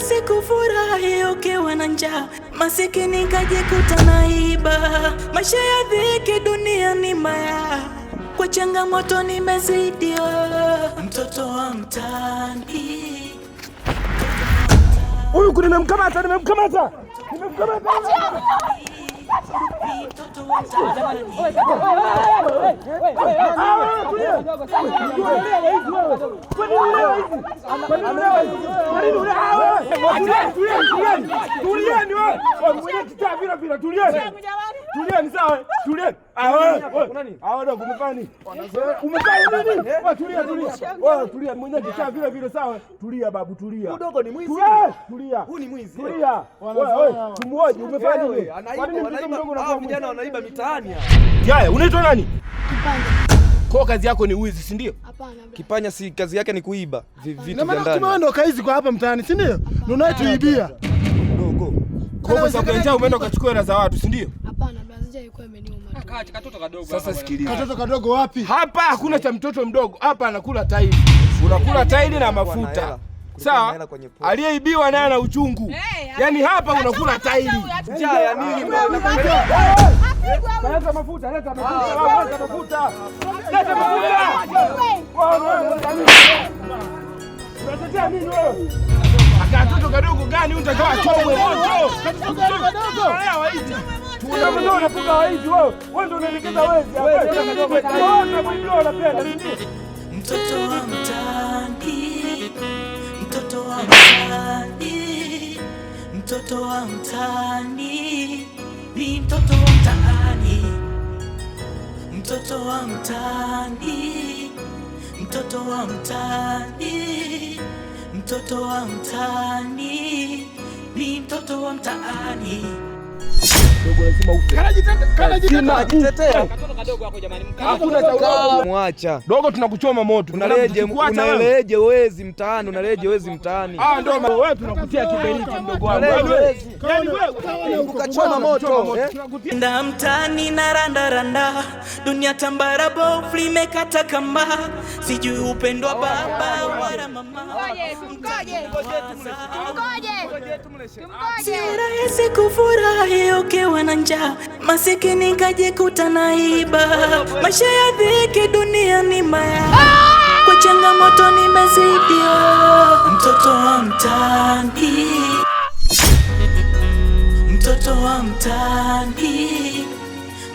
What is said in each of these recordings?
Huwezi kufurahi ukiwa na njaa, masikini kajikuta iba. Maisha ya dhiki dunia ni maya, kwa changamoto nimezidiwa, mtoto wa mtaani. Huyu nimemkamata, nimemkamata, nimemkamata. Tulieni, tulieni, tulieni, tulieni, tulieni, tulieni, tulieni, tulieni, Tulieni sawa, Ah wewe, Ah wewe ah, ah, ah, umefanya nini? Eh, umefanya nini? Eh? Wewe tulia tulia. Wewe tulia vile vile sawa. Tulia babu tulia. ni mwizi. Tulia. Huu ni mwizi. Tulia. Wewe tumuoje umefanya nini? vijana wanaiba mitaani hapa? Yaya, unaitwa nani? Kipanya. Kwa kazi yako ni uizi si ndio? Hapana. Kipanya si kazi yake ni kuiba vitu vya ndani. Na maana kaizi kwa hapa mtaani, si ndio? Ndio unayetuibia. Mdogo. Kwa sababu umeenda ukachukua hela za watu, si ndio? Sasa sikiliza. Katoto kadogo wapi? Hapa hakuna cha mtoto mdogo. Hapa anakula taili. Unakula taili na mafuta. Sawa, aliyeibiwa naye ana uchungu. Yaani hapa unakula taili. Leta mafuta, leta mafuta, leta mafuta. Unatetea nini wewe? Akatoto kadogo gani? Unataka achomwe Katoto Kadogo. Unavyoona puka waizi wewe, wewe ndio unaelekeza wezi hapa. Mtoto wa mtaani, mtoto wa mtaani, mtoto wa mtaani, ni mtoto wa mtaani, mtoto wa mtaani, mtoto wa mtaani, mtoto wa mtaani, ni mtoto wa mtaani. Mwacha dogo, tunakuchoma moto. Unaleje wezi mtaani, unaleje wezi mtaani, ah, tunakutia mdogo wangu, yaani eh, ukachoma moto eh. nda mtaani na dunia tambara limekata kamba, sijui baba wala mama. Si rahisi kufurahi ukiwa nikawa na njaa, masikini nikajikuta naiba. Maisha ya dhiki, dunia ni maya, kwa changamoto nimezidiwa, mtoto wa mtaani, mtoto wa mtaani,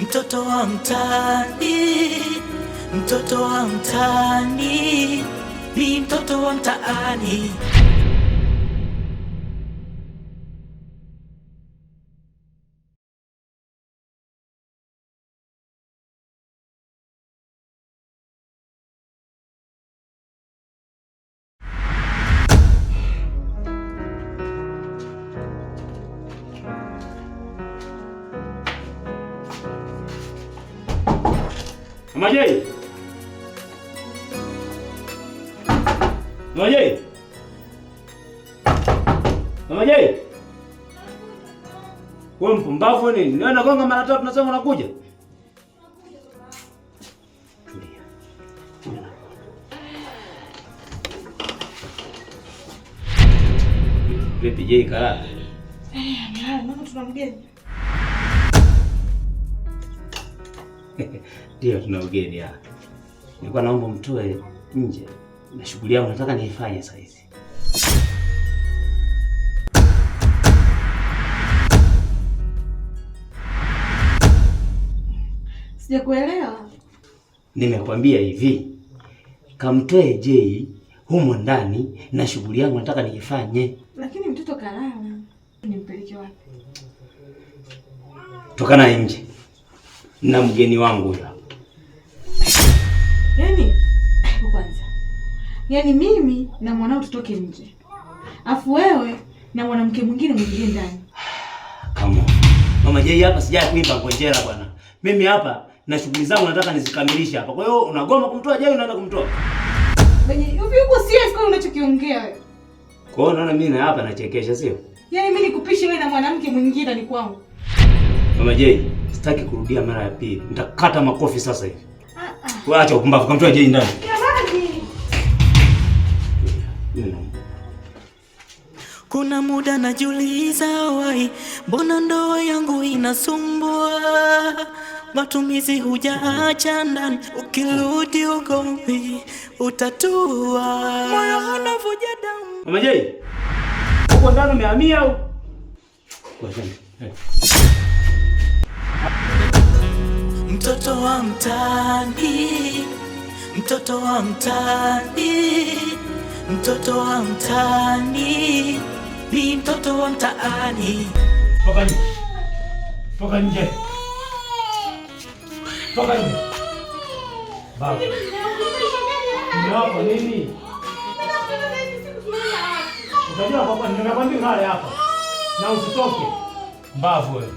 mtoto wa mtaani, mtoto wa mtaani, ni mtoto wa mtaani. Mama Jay. Mama Jay. Wewe mpumbavu nini? Wewe unagonga mara tatu nasema unakuja. Vipi Jay Eh, Mama tuna mgeni. Ndio tuna Nilikuwa naomba mtoe nje na shughuli yangu nataka niifanye sasa hizi. Sijakuelewa. Nimekwambia hivi, kamtoe Jei humo ndani na shughuli yangu nataka niifanye. Lakini mtoto kalala, nimpeleke wapi? Tokana nje na mgeni wangu huyo. Yaani Yaani mimi na mwanao tutoke nje, afu wewe na mwanamke mwingine mwingie ndani. Kama mama Jei, hapa sijaa kuimba ngonjera bwana. Mimi hapa na shughuli zangu nataka nizikamilishe hapa. Kwa hiyo unagoma kumtoa Jei, unaenda kumtoa Benye, yupi yuko serious kwa unachokiongea wewe? Kwa hiyo naona mimi na hapa nachekesha, sio? Yaani mimi nikupishe wewe na mwanamke mwingine ni kwangu. Mama Jei, sitaki kurudia mara ya pili. Nitakata makofi sasa hivi. Ah ah. Wewe acha upumbavu kumtoa Jei ndani. Kuna muda najiuliza wai, mbona ndoa yangu inasumbua? Matumizi hujaacha ndani, ukirudi ugomvi utatua, moyo unavuja damu. Mama Jay, uko ndani umehamia au? Eh. Mtoto wa mtaani, mtoto wa mtaani, mtoto wa mtaani Bi mtoto wa mtaani. Toka nje. Toka nje. Toka nje. Baba. Hapa nini? Unajua hapa ninakwambia ngale hapa. Na usitoke. Mbavu wewe.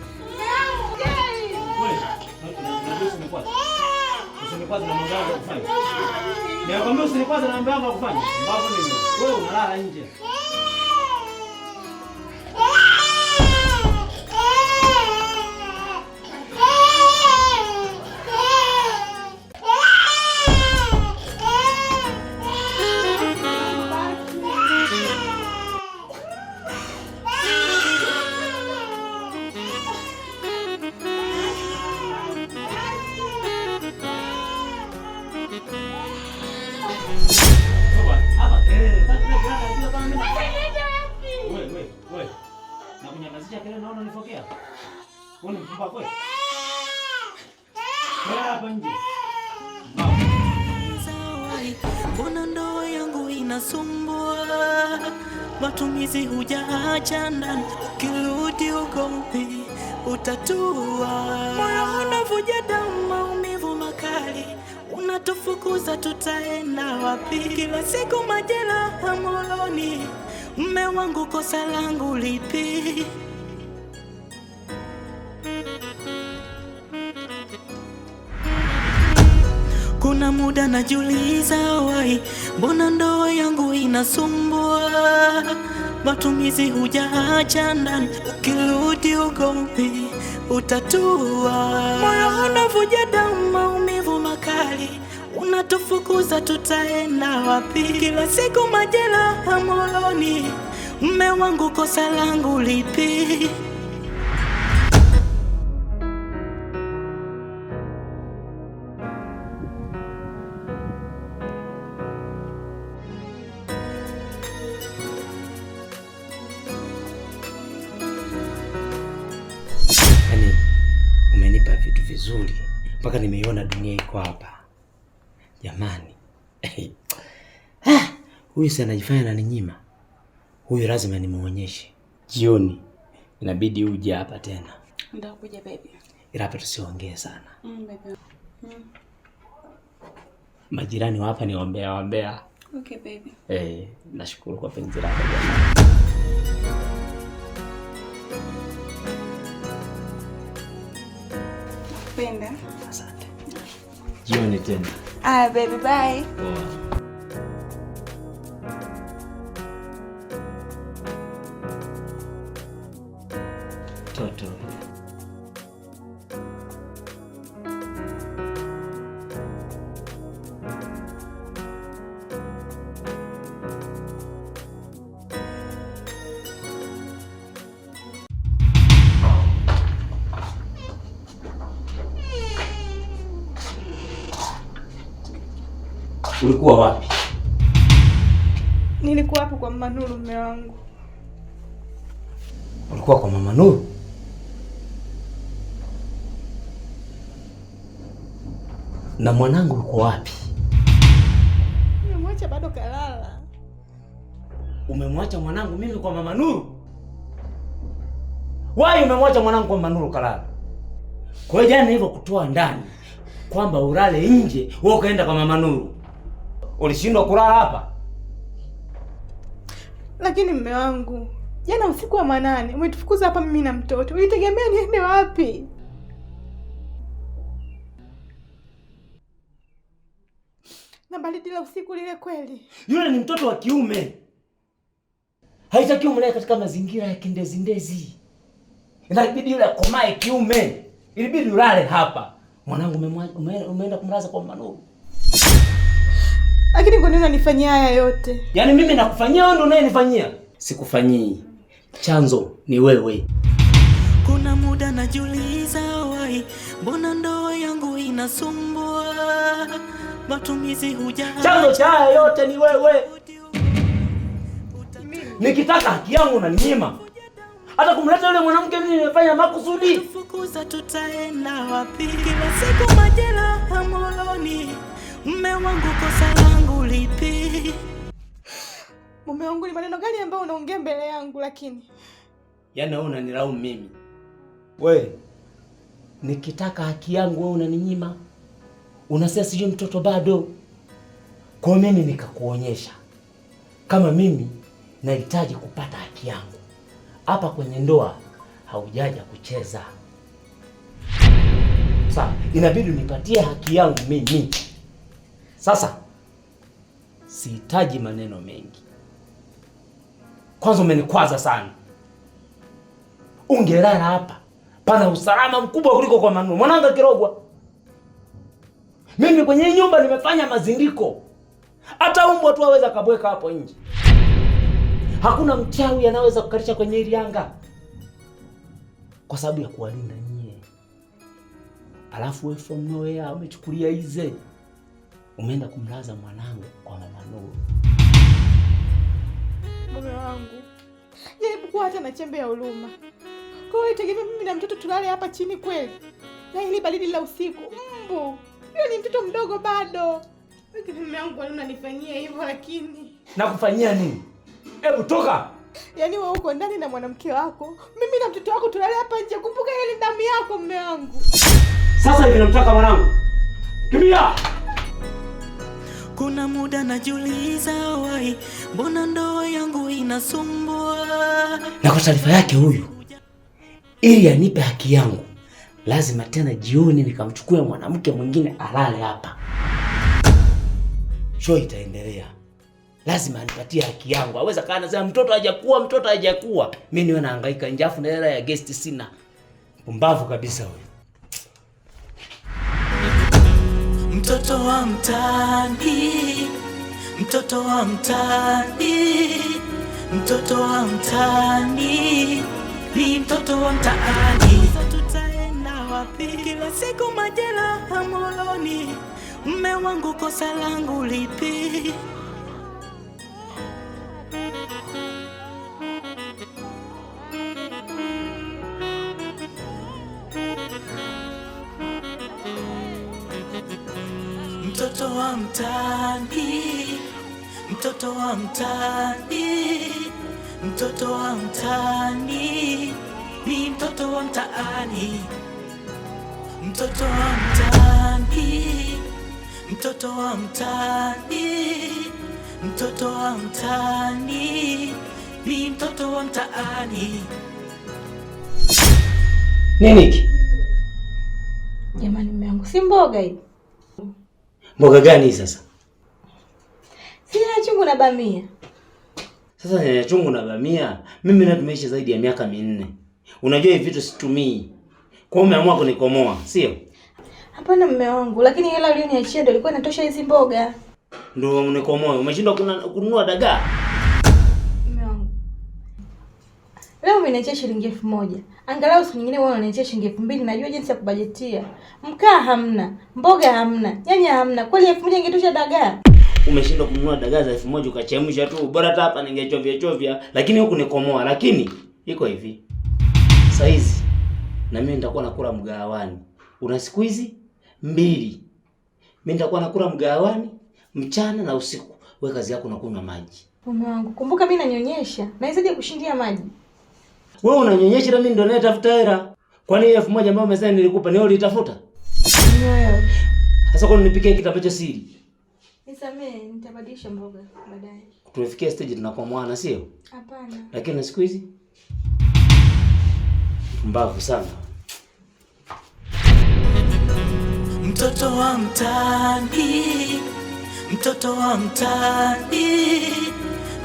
Usinikwaze na mambo yangu kufanya. Ninakwambia usinikwaze na mambo yangu kufanya. Mbavu nini? Wewe unalala nje. Unasikia kelele naona unifokea. Wewe mpumbavu kweli. Eh, hapa nje. Mbona ndoa yangu inasumbua? Matumizi hujaacha ndani, ukirudi huko mpi utatua? Moyo unavuja damu, maumivu makali, unatufukuza tutaenda wapi? Kila siku majeraha moyoni, mme wangu, kosa langu lipi? muda najiuliza, wai, mbona ndoa yangu inasumbua? Matumizi hujaacha ndani, ukirudi ugomvi utatua. Moyo unavuja damu, maumivu makali, unatufukuza tutaenda wapi? Kila siku majeraha moyoni, mme wangu, kosa langu lipi? yako hapa jamani. Ah, huyu si anajifanya na ninyima huyu lazima nimuonyeshe. Jioni inabidi uje hapa tena. Ndakuja baby, ila hapa tusiongee sana. Mm, baby. Mm. Majirani hapa ni wambea wambea. Okay, baby. Eh, nashukuru kwa penzi lako jamani. Nakupenda. Asante jioni tena. Ah, baby bye. Poa. Ulikuwa wapi? Nilikuwa hapo kwa mama Nuru, mume wangu. Ulikuwa kwa mama Nuru? Na mwanangu uko wapi? Nimemwacha bado kalala. Umemwacha mwanangu mimi kwa mama Nuru? Wai, umemwacha mwanangu kwa mama Nuru kalala. Kwa hiyo jana kutoa ndani kwamba ulale nje, wewe ukaenda kwa mama Nuru. Ulishindwa kulala hapa? Lakini mme wangu, jana usiku wa manane umetufukuza hapa mimi na mtoto, ulitegemea niende wapi? Na baridi la usiku lile kweli. Yule ni mtoto wa kiume, haitakiwi mlee katika mazingira ya kindezindezi. Inabidi yule akomae kiume, ilibidi ulale hapa. Mwanangu umeenda kumlaza kwa Manuru. Lakini kwa nini unanifanyia haya yote? Yaani mimi nakufanyia wewe ndio unayenifanyia? Sikufanyii. Chanzo ni wewe. Kuna muda najiuliza wai, mbona ndoa yangu inasumbua? Matumizi huja. Chanzo cha haya yote ni wewe. Nikitaka haki yangu unaninyima. Hata kumleta yule mwanamke mimi nimefanya makusudi. Fukuza tutaenda wapi? Kila siku majela moyoni. Mme wangu kosa ulipi. Mume wangu, ni maneno gani ambayo unaongea mbele yangu? Lakini yaani wewe unanilaumu mimi, we nikitaka haki yangu wewe unaninyima, unasema sijui mtoto bado. Kwa mimi nikakuonyesha kama mimi nahitaji kupata haki yangu hapa kwenye ndoa, haujaja kucheza. Sasa inabidi nipatie haki yangu mimi sasa Sihitaji maneno mengi. Kwanza umenikwaza sana, ungelala hapa, pana usalama mkubwa kuliko kwa Manuel mwananga kirogwa Mimi kwenye nyumba nimefanya mazindiko, hata umbwa tu aweza kabweka hapo nje. Hakuna mchawi anaweza kukatisha kwenye hili anga kwa sababu ya kuwalinda nyie, alafu wewe from nowhere umechukulia hizi umeenda kumlaza mwanangu kwa mama Nuru. Mume wangu, jaribu kuwa hata na chembe ya huruma. Kwa hiyo itegemea mimi na mtoto tulale hapa chini kweli? Na hili baridi la usiku mbu, hiyo ni mtoto mdogo bado. Mume wangu, unanifanyia hivyo lakini. Nakufanyia nini? Hebu toka. Yaani wewe uko ndani na mwanamke wako, mimi na mtoto wako tulale hapa nje. Kumbuka ile damu yako mume wangu. Sasa hivi namtaka mwanangu. Kimbia! kuna muda najiuliza wai, mbona ndoa yangu inasumbua. Na kwa taarifa yake huyu, ili anipe haki yangu, lazima tena jioni nikamchukue mwanamke mwingine alale hapa. Sho itaendelea, lazima anipatie haki yangu. Aweza kaa nasema mtoto hajakuwa, mtoto hajakuwa, mi niwe naangaika njafu na hela ya guest sina. Pumbavu kabisa huyu. Mtoto wa mtaani, mtoto wa mtaani, mtoto wa mtaani, ni mtoto wa mtaani. Tutaenda wapi? Kila siku majeraha moyoni, mme wangu kosa langu lipi? mtaani, mtoto wa mtaani, mtoto wa mtaani, ni mtoto wa mtaani, mtoto wa mtaani, mtoto wa mtaani, mtoto wa mtaani, ni mtoto wa mtaani. Nini? Jamani, mume wangu si mboga hii. Mboga gani sasa? Sina chungu na bamia. Sasa nyanya chungu na bamia, mimi na tumeisha zaidi ya miaka minne. Unajua hivi vitu situmii. Kwa hiyo umeamua kunikomoa, sio? Hapana mme wangu, lakini hela uliyoniachia ndio ilikuwa inatosha hizi mboga. Ndio unikomoe, Umeshindwa kununua dagaa? Leo umeniachia shilingi elfu moja. Angalau siku nyingine wewe unaniachia shilingi elfu mbili. Najua jinsi ya kubajetia. Mkaa hamna, mboga hamna, nyanya hamna. Kweli elfu moja ingetosha dagaa? Umeshindwa kununua dagaa za elfu moja ukachemsha tu. Bora hata hapa ningechovya chovya, lakini huku nikomoa. Lakini iko hivi. Saizi na mimi nitakuwa nakula mgahawani. Una siku hizi mbili. Mimi nitakuwa nakula mgahawani mchana na usiku. Wewe kazi yako unakunywa maji. Mume wangu, kumbuka mimi nanyonyesha. Naizaje kushindia maji? Wewe unanyonyesha na mimi ndo nayetafuta hela. Kwa nini elfu moja ambayo umesema nilikupa ni wewe ulitafuta? Sasa kwa nini nipikie kitabu cha siri? Nisamee, nitabadilisha mboga baadaye. Tumefikia stage tunakuwa mwana, sio? Hapana. Lakini siku hizi mbavu sana. Mtoto wa mtaani, mtoto wa mtaani,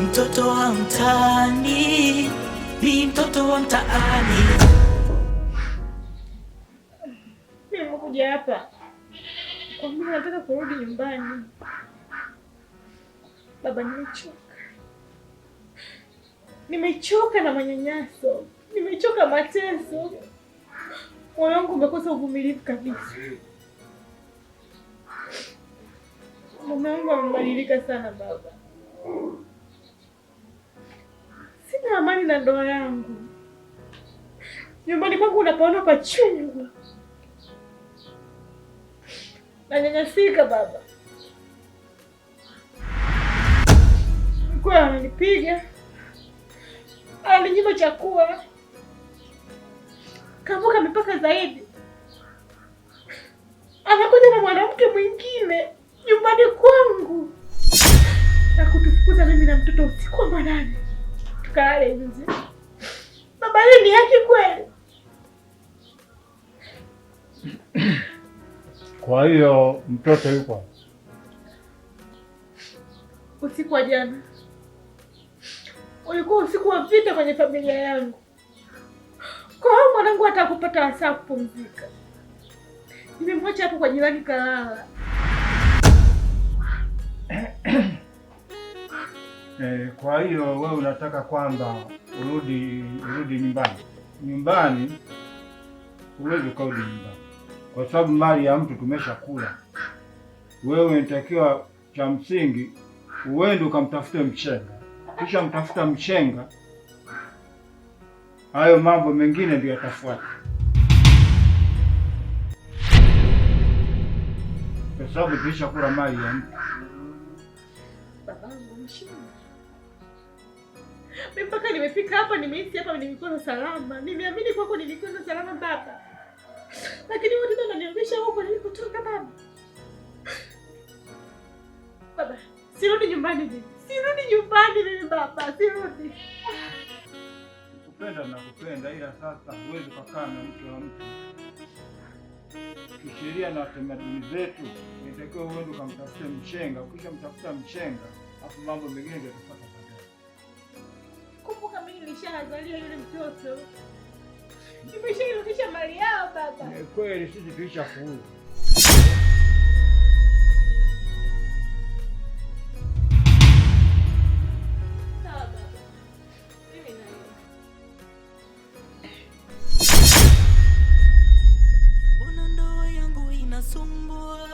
mtoto wa mtaani. Ni mtoto wa mtaani. Nimekuja hapa kwa maana nataka kurudi nyumbani. Baba, nimechoka, nimechoka na manyanyaso, nimechoka mateso. Moyo wangu umekosa uvumilivu kabisa. Mume wangu amebadilika sana baba sina amani na ndoa yangu. Nyumbani kwangu unapaona pachungu, nanyanyasika. Baba mkwe ananipiga, alinyima chakula, kavuka mipaka zaidi, anakuja na mwanamke mwingine nyumbani kwangu na kutufukuza mimi na mtoto usiku wa manane tukale nje. Baba ni haki kweli. Kwa hiyo mtoto yuko usiku wa jana ulikuwa usiku wa vita kwenye familia yangu. Kwa hiyo mwanangu atakupata wasaa kupumzika. Nimemwacha hapo kwa jirani kalala. Eh, kwa hiyo wewe unataka kwamba urudi urudi nyumbani. Nyumbani huwezi ukarudi nyumbani kwa sababu mali ya mtu tumeshakula. Wewe unatakiwa cha msingi uende ukamtafute mchenga, kisha mtafuta mchenga, hayo mambo mengine ndio yatafuata, kwa sababu tulishakula mali ya mtu. Mimi mpaka nimefika hapa, nimehisi hapa nilikuwa salama, nimeamini kwako nilikuwa salama baba, lakini wewe ndio unanionyesha huko nilikotoka baba. Baba, sirudi nyumbani mimi, sirudi nyumbani mimi baba, sirudi. Kupenda na kupenda, ila sasa huwezi kukaa na mtu wa mtu. Kisheria na tamaduni zetu, nitakiwa uende ukamtafuta mchenga, ukisha mtafuta mchenga, afu mambo mengine yatafuata nimeshawazalia yule mtoto, nimeshairudisha mali yao baba. Kweli sisi tulishafuzu. Ndoa yangu inasumbua,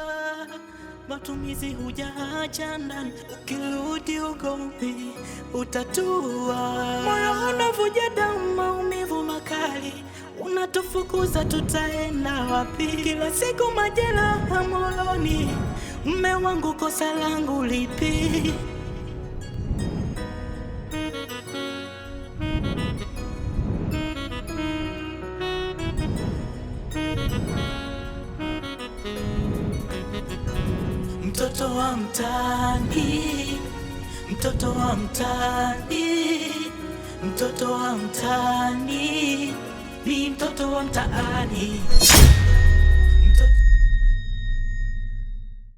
matumizi hujaacha ndani ndio ugomvi utatua. Moyo unavuja damu, maumivu makali, unatufukuza tutaenda wapi? Kila siku majeraha moyoni, mme wangu, kosa langu lipi? Mtoto wa mtaani, mtoto wa mtaani, ni mtoto wa mtaani.